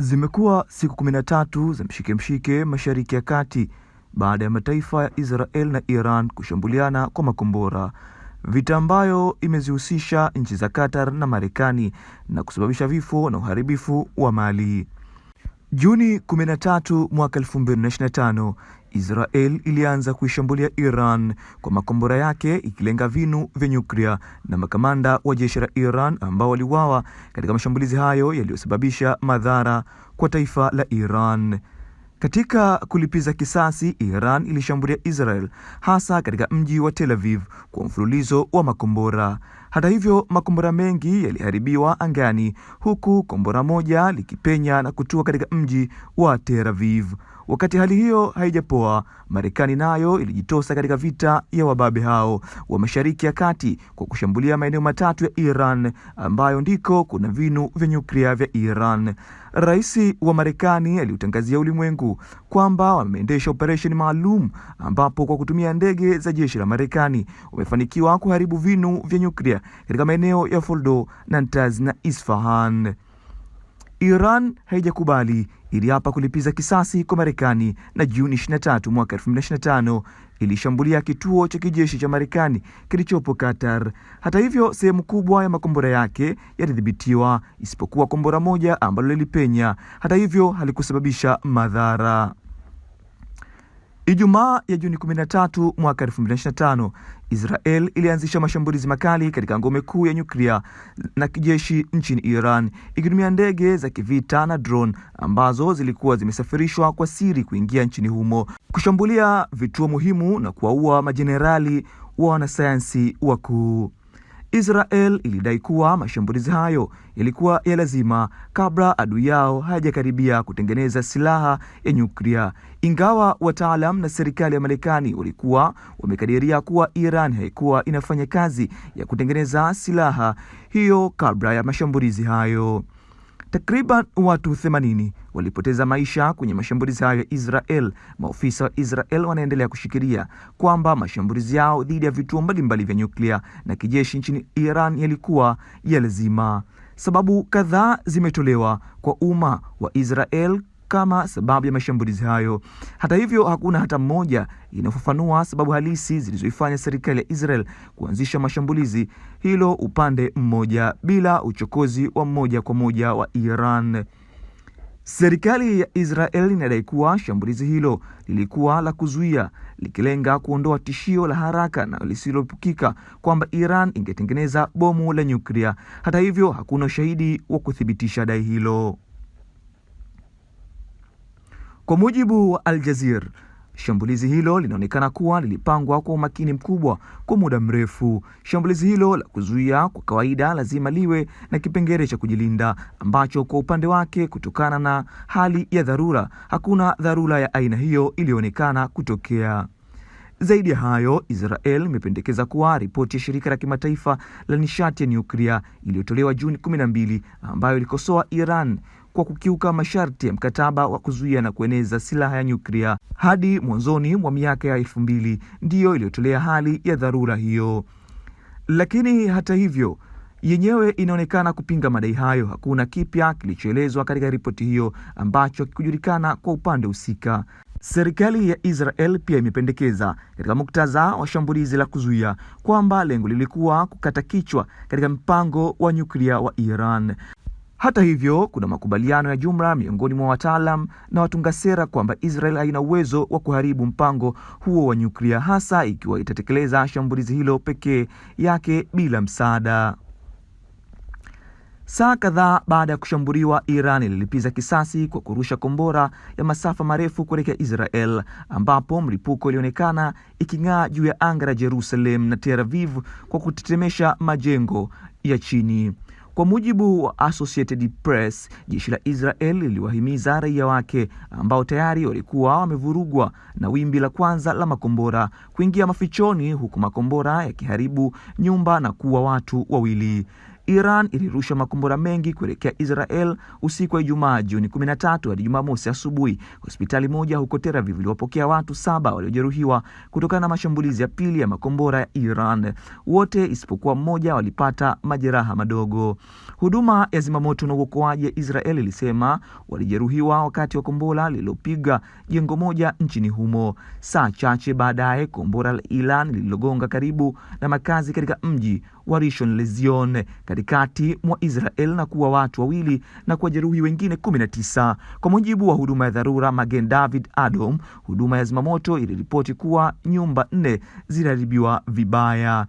Zimekuwa siku kumi na tatu za mshike mshike Mashariki ya Kati baada ya mataifa ya Israel na Iran kushambuliana kwa makombora, vita ambayo imezihusisha nchi za Qatar na Marekani na kusababisha vifo na uharibifu wa mali. Juni 13 mwaka Israel ilianza kuishambulia Iran kwa makombora yake ikilenga vinu vya nyuklia na makamanda wa jeshi la Iran ambao waliuawa katika mashambulizi hayo yaliyosababisha madhara kwa taifa la Iran. Katika kulipiza kisasi, Iran ilishambulia Israel hasa katika mji wa Tel Aviv kwa mfululizo wa makombora. Hata hivyo, makombora mengi yaliharibiwa angani, huku kombora moja likipenya na kutua katika mji wa Tel Aviv. Wakati hali hiyo haijapoa, Marekani nayo ilijitosa katika vita ya wababe hao wa Mashariki ya Kati kwa kushambulia maeneo matatu ya Iran ambayo ndiko kuna vinu vya nyuklia vya Iran. Rais wa Marekani aliutangazia ulimwengu kwamba wameendesha operesheni maalum ambapo kwa kutumia ndege za jeshi la Marekani wamefanikiwa kuharibu vinu vya nyuklia katika maeneo ya Fordo, Natanz na Isfahan. Iran haijakubali iliapa kulipiza kisasi kwa Marekani na Juni 23 mwaka 2025 ilishambulia kituo cha kijeshi cha Marekani kilichopo Qatar. Hata hivyo, sehemu kubwa ya makombora yake yalidhibitiwa isipokuwa kombora moja ambalo lilipenya. Hata hivyo, halikusababisha madhara. Ijumaa ya Juni 13 mwaka 2025, Israel ilianzisha mashambulizi makali katika ngome kuu ya nyuklia na kijeshi nchini Iran ikitumia ndege za kivita na drone ambazo zilikuwa zimesafirishwa kwa siri kuingia nchini humo, kushambulia vituo muhimu na kuwaua majenerali wa wanasayansi wakuu. Israel ilidai kuwa mashambulizi hayo yalikuwa ya lazima kabla adui yao hajakaribia kutengeneza silaha ya nyuklia, ingawa wataalam na serikali ya Marekani walikuwa wamekadiria kuwa Iran haikuwa inafanya kazi ya kutengeneza silaha hiyo kabla ya mashambulizi hayo. Takriban watu 80 walipoteza maisha kwenye mashambulizi hayo ya Israel. Maofisa wa Israel wanaendelea kushikilia kwamba mashambulizi yao dhidi ya vituo mbalimbali vya nyuklia na kijeshi nchini Iran yalikuwa ya lazima. Sababu kadhaa zimetolewa kwa umma wa Israel kama sababu ya mashambulizi hayo. Hata hivyo, hakuna hata mmoja inayofafanua sababu halisi zilizoifanya serikali ya Israel kuanzisha mashambulizi hilo upande mmoja bila uchokozi wa moja kwa moja wa Iran. Serikali ya Israel inadai kuwa shambulizi hilo lilikuwa la kuzuia, likilenga kuondoa tishio la haraka na lisiloepukika kwamba Iran ingetengeneza bomu la nyuklia. Hata hivyo, hakuna ushahidi wa kuthibitisha dai hilo. Kwa mujibu wa Al Jazeera, shambulizi hilo linaonekana kuwa lilipangwa kwa umakini mkubwa kwa muda mrefu. Shambulizi hilo la kuzuia kwa kawaida lazima liwe na kipengele cha kujilinda ambacho kwa upande wake, kutokana na hali ya dharura, hakuna dharura ya aina hiyo iliyoonekana kutokea. Zaidi ya hayo, Israel imependekeza kuwa ripoti ya shirika la kimataifa la nishati ya nyuklia iliyotolewa Juni 12 ambayo ilikosoa Iran kwa kukiuka masharti ya mkataba wa kuzuia na kueneza silaha ya nyuklia hadi mwanzoni mwa miaka ya elfu mbili ndiyo iliyotolea hali ya dharura hiyo. Lakini hata hivyo yenyewe inaonekana kupinga madai hayo. Hakuna kipya kilichoelezwa katika ripoti hiyo ambacho kikujulikana kwa upande husika. Serikali ya Israel pia imependekeza katika muktadha wa shambulizi la kuzuia kwamba lengo lilikuwa kukata kichwa katika mpango wa nyuklia wa Iran. Hata hivyo, kuna makubaliano ya jumla miongoni mwa wataalam na watunga sera kwamba Israel haina uwezo wa kuharibu mpango huo wa nyuklia, hasa ikiwa itatekeleza shambulizi hilo pekee yake bila msaada. Saa kadhaa baada ya kushambuliwa, Iran ililipiza kisasi kwa kurusha kombora ya masafa marefu kuelekea Israel, ambapo mlipuko ilionekana iking'aa juu ya anga la Jerusalem na Tel Aviv kwa kutetemesha majengo ya chini. Kwa mujibu wa Associated Press, jeshi la Israel liliwahimiza raia wake ambao tayari walikuwa wamevurugwa na wimbi la kwanza la makombora kuingia mafichoni, huku makombora yakiharibu nyumba na kuua watu wawili. Iran ilirusha makombora mengi kuelekea Israel usiku wa Ijumaa Juni 13 hadi Jumamosi asubuhi. Hospitali moja huko Tel Aviv iliwapokea watu saba waliojeruhiwa kutokana na mashambulizi ya pili ya makombora ya Iran. Wote isipokuwa mmoja walipata majeraha madogo. Huduma ya zimamoto na uokoaji ya Israel ilisema walijeruhiwa wakati wa kombora lililopiga jengo moja nchini humo. Saa chache baadaye kombora la Iran lililogonga karibu na makazi katika mji wa Rishon Lezion katikati mwa Israel na kuwa watu wawili na jeruhi wengine 19. Kwa mujibu wa huduma ya dharura Magen David Adom, huduma ya zimamoto iliripoti kuwa nyumba nne ziliharibiwa vibaya.